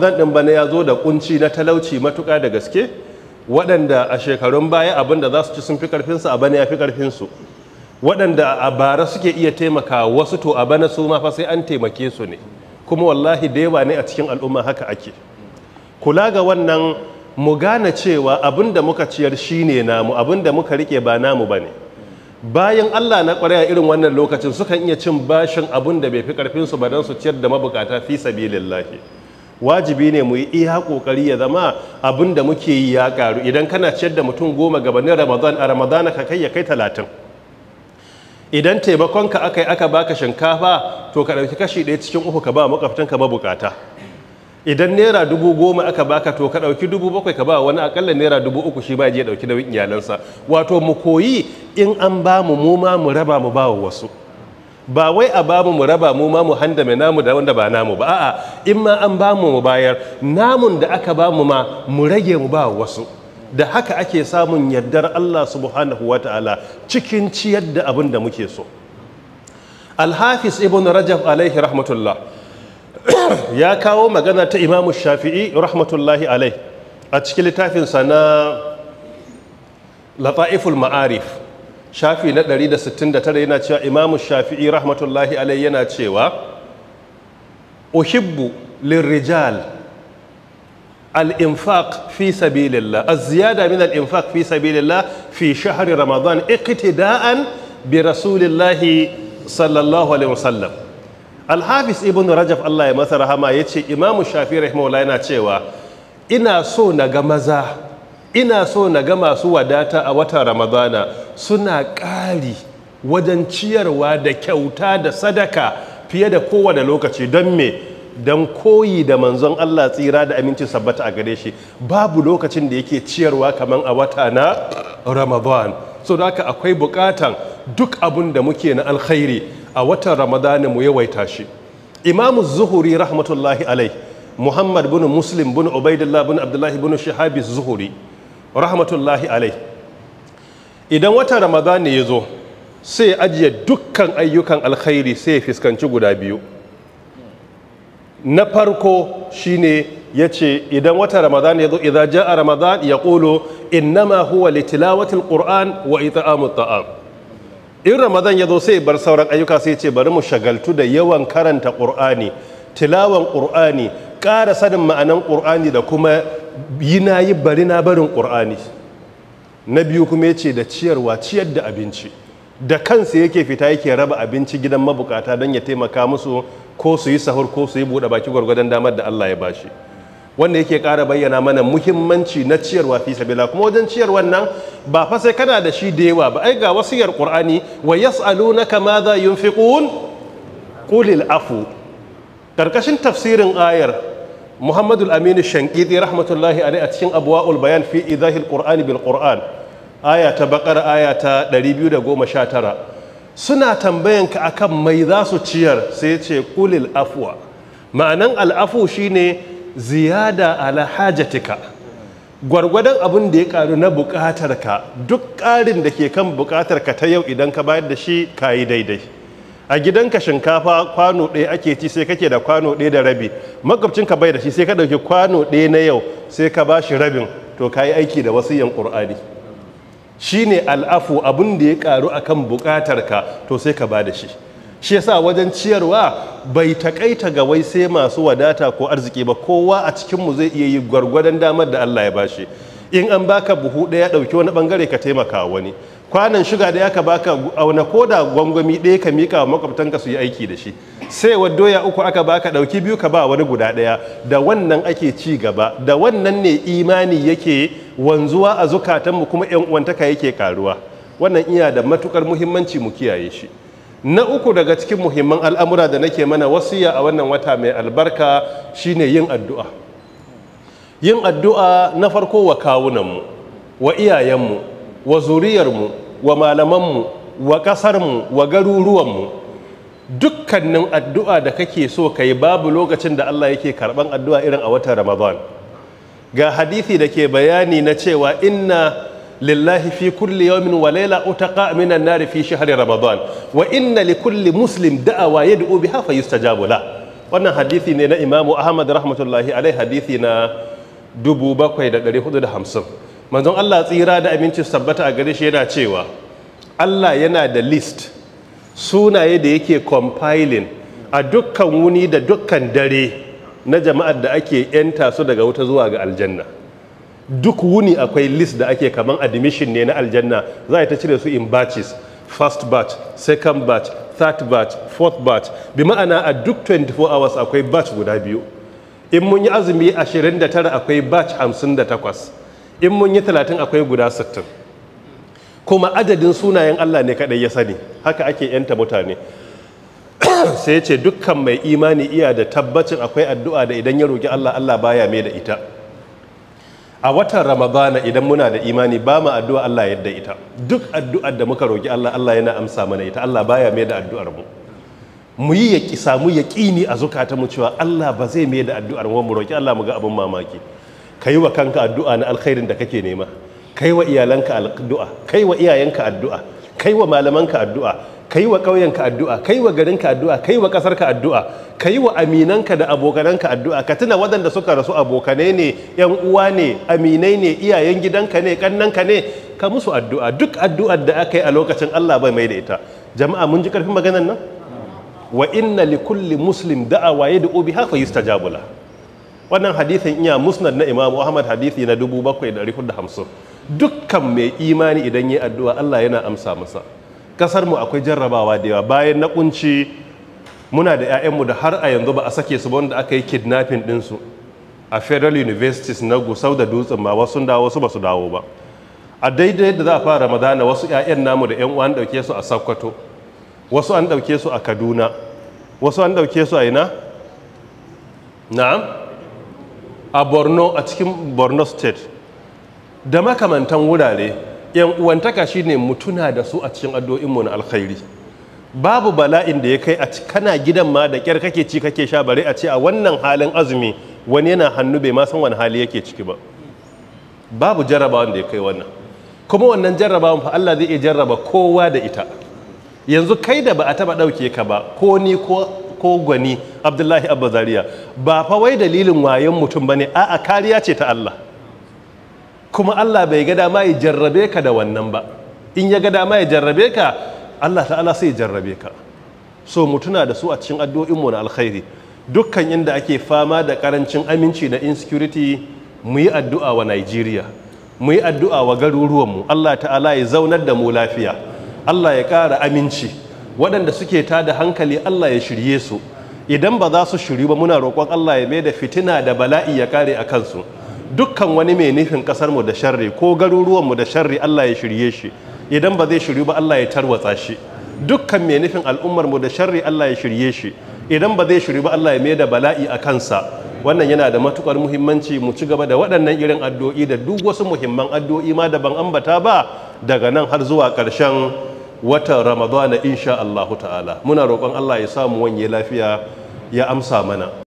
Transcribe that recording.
zan ɗin bana ya zo da kunci na talauci matuka da gaske waɗanda a shekarun baya abin da za su ci sun fi ƙarfinsu a bana ya fi ƙarfinsu waɗanda a bara suke iya taimaka wasu to a bana su ma fa sai an taimake su ne kuma wallahi da yawa ne a cikin al'umma haka ake kula ga wannan mu gane cewa abin muka ciyar shi ne namu abin muka rike ba namu ba ne bayan Allah na ƙwarya irin wannan lokacin sukan iya cin bashin abin da bai fi ƙarfinsu ba don su ciyar da mabukata fi sabilillahi wajibi ne mu yi iya kokari ya zama abin da muke yi ya karu idan kana ciyar da mutum goma gabanin ramadan a ramadan ka kai ya kai talatin idan taimakonka aka yi aka baka shinkafa to ka ɗauki kashi ɗaya cikin uku ka ba ka mabukata idan naira dubu goma aka baka to ka ɗauki dubu bakwai ka ba wani akalla naira dubu uku shi ba je ɗauki nauyin iyalansa wato mu koyi in an ba mu mu ma mu raba mu ba wasu ba wai a babu mu raba mu ma mu handame namu da wanda ba namu ba a'a in ma an bamu mu bayar namun da aka bamu ma mu rage mu ba wasu da haka ake samun yardar Allah subhanahu wa cikin ciyar da abin da muke so Alhafis ibn rajab alaihi rahmatullah ya kawo magana ta imamu shafi'i rahmatullahi alaihi a cikin littafinsa na lata'iful ma'arif shafi na 169 yana cewa imamu shafi'i rahmatullahi alai yana cewa uhibbu lirrijal al-infaq fi sabilillah az-ziyada min al-infaq fi sabilillah fi shahri ramadan iqtida'an bi rasulillahi sallallahu alaihi wasallam al-hafiz ibn rajab Allah ya masa rahama yace imamu shafi'i rahimahullah yana cewa ina so na ga maza ina so na ga masu wadata a watan ramadana suna ƙari wajen ciyarwa da kyauta da sadaka fiye da kowane lokaci don me don koyi da manzon Allah tsira da amincin sabbata a gare shi babu lokacin da yake ciyarwa kamar a wata na Ramadana. so da haka akwai bukatan duk abin da muke na alkhairi a watan ramadana mu yawaita shi imamu zuhuri rahmatullahi alai muhammad bin muslim bin ubaidullah bin abdullahi bin shahabi zuhuri rahmatullahi alai idan wata ramadan ne ya zo sai ajiye dukkan ayyukan alkhairi sai ya fuskanci guda biyu na farko shine ya ce idan wata ramadan ya zo idan ja a ramadan ya ƙulo innama huwa litilawatil qur'an wa ita'amut ta'am in ramadan ya zo sai bar sauran ayyuka sai ce bari mu shagaltu da yawan karanta qur'ani tilawan qur'ani ƙara sanin ma'anan ƙur'ani da kuma yi na yi bari na barin ƙur'ani na biyu kuma ya ce da ciyarwa ciyar da abinci da kansa yake fita yake raba abinci gidan mabukata don ya taimaka musu ko su yi sahur ko su yi buɗe baki gwargwadon damar da Allah ya ba shi wanda yake ƙara bayyana mana muhimmanci na ciyarwa fi sabila kuma wajen ciyar wannan ba fa sai kana da shi da yawa ba ai ga wasu yar qur'ani wa yas'alunaka madha yunfiqun ƙulil afu Ƙarƙashin tafsirin ayar muhammadu aminu shankidi rahmatullahi alai a cikin abuwa'ul bayan fi idahil qur'ani bil qur'an aya ta bakar aya ta 219 suna tambayanka akan mai za su ciyar sai ce kulil afwa ma'anan al'afu shine ziyada ala hajatika gwargwadon abin da ya ƙaru na ka, duk ƙarin da ke kan ka ta yau idan ka bayar da shi kayi daidai a gidanka shinkafa kwano ɗaya ake ci sai kake da kwano ɗaya da rabi ka bai da shi sai ka ɗauki kwano ɗaya na yau sai ka ba shi rabin to ka yi aiki da wasu yan ƙur'ani shi ne al'afu abin da ya ƙaru a kan buƙatarka to sai ka ba da shi shi yasa wajen ciyarwa bai taƙaita ga wai sai masu wadata ko arziki ba kowa a cikinmu zai iya yi gwargwadon damar da allah ya ba shi in an baka buhu ɗaya ɗauki wani ɓangare ka taimaka wani kwanan shuga da aka baka auna ko da gwangwami ɗaya ka mika wa makwabtanka su yi aiki da shi sai wa doya uku aka baka ɗauki biyu ka ba wani guda ɗaya da wannan ake ci gaba da wannan ne imani yake wanzuwa a zukatanmu kuma yan uwantaka yake karuwa wannan iya da matukar muhimmanci mu kiyaye shi na uku daga cikin muhimman al'amura da nake mana wasiya a wannan wata mai albarka shine yin addu'a yin addu'a na farko wa kawunanmu wa iyayenmu wa zuriyarmu wa malamanmu wa ƙasarmu wa garuruwanmu dukkanin addu'a da kake so ka yi babu lokacin da Allah yake karɓan addu'a irin a watan Ramadan ga hadithi da ke bayani na cewa inna lillahi fi kulli yawmin wa layla utaqa minan nar fi shahri ramadan wa inna li kulli muslim da'awa yad'u biha fa yustajabu la wannan hadisi ne na imamu Ahmad rahmatullahi alaihi hadisi na 7450 manzon Allah tsira da abincin sabbata a gare shi yana cewa Allah yana da list sunaye da yake compiling a dukkan wuni da dukkan dare na jama'ar da ake yanta su daga wuta zuwa ga aljanna duk wuni akwai list da ake kaman admission ne na aljanna za a ta cire su in batches first batch second batch third batch fourth batch bi ma'ana a duk 24 hours akwai batch guda biyu in mun yi azumi 29 akwai batch 58 in mun yi talatin akwai guda sittin kuma adadin sunayen Allah ne kaɗai ya sani haka ake yanta mutane sai ce dukkan mai imani iya da tabbacin akwai addu'a da idan ya roƙi Allah Allah baya mai da ita a watan ramadana idan muna da imani ba mu addu'a Allah yadda ita duk addu'ar da muka roƙi Allah Allah yana amsa mana ita Allah baya mai da addu'ar mu mu yi ya samu yaƙini a zukata mu cewa Allah ba zai mai da addu'ar mu mu roƙi Allah mu ga abin mamaki ka yi wa kanka addu'a na alkhairin da kake nema ka yi wa iyalanka addu'a ka yi wa iyayenka addu'a ka yi wa malamanka addu'a ka yi wa ƙauyenka addu'a ka yi wa garinka addu'a ka yi wa ƙasarka addu'a ka yi wa aminanka da abokananka addu'a ka tuna waɗanda suka rasu abokanai ne ‘yan uwa ne aminai ne iyayen gidanka ne ƙannanka ne ka musu addu'a duk addu'ar da aka yi a lokacin allah bai mai da ita jama'a mun ji ƙarfin maganan nan wa inna li kulli muslim da'awa yad'u biha fa yustajabu jabula. wannan hadithin iya musnad na imamu ahmad hadithi na 7450 dukkan mai imani idan yi addu'a allah yana amsa masa kasar mu akwai jarrabawa da yawa bayan na kunci muna da 'ya'yanmu da har a yanzu ba a sake su wanda aka yi kidnapping ɗinsu a federal universities na gusau da dutsen ma wasu dawo su ba su dawo ba a daidai da za a fara ramadana wasu 'ya'yan namu da 'yan uwan ɗauke su a sakkwato wasu an ɗauke su a kaduna wasu an ɗauke su a ina na'am a borno a cikin borno state da makamantan wurare yan uwantaka shine mutuna da su a cikin addu'o'inmu na alkhairi babu bala'in da ya kai a kana gidan ma da kyar kake ci kake sha bare a ce a wannan halin azumi wani yana hannu bai ma san wani hali yake ciki ba babu jarrabawan da ya kai wannan kuma wannan jarrabawan fa Allah zai iya jarraba kowa da ita yanzu kai da ba a taba ɗauke ka ba ko ni ko ko gwani abdullahi abba zaria ba fa wai dalilin wayan mutum ba ne, a'a kariya ce ta Allah kuma Allah bai ga dama ya jarrabe ka da wannan ba in ya ga dama ya jarrabe ka Allah ta'ala sai ya jarrabe ka so mutuna da su a cikin addu'o'in mu na alkhairi dukkan inda ake fama da karancin aminci da insecurity mu yi addu'a wa Najeriya. mu yi addu'a wa garuruwanmu Allah ta'ala ya zaunar da mu lafiya Allah ya ƙara aminci waɗanda suke ta da hankali Allah ya shirye su idan ba za su shiri ba muna roƙon Allah ya mai da fitina da bala'i ya kare a kansu dukkan wani mai nufin ƙasar mu da sharri ko garuruwan mu da sharri Allah ya shirye shi idan ba zai shiri ba Allah ya tarwatsa shi dukkan mai nufin al'ummar mu da sharri Allah ya shirye shi idan ba zai shiri ba Allah ya mai da bala'i a kansa wannan yana da matukar muhimmanci mu ci gaba da waɗannan irin addu'o'i da duk wasu muhimman addu'o'i ma da ban ambata ba daga nan har zuwa ƙarshen watan ramadana insha Allah ta'ala muna roƙon Allah ya samu wanye lafiya ya amsa mana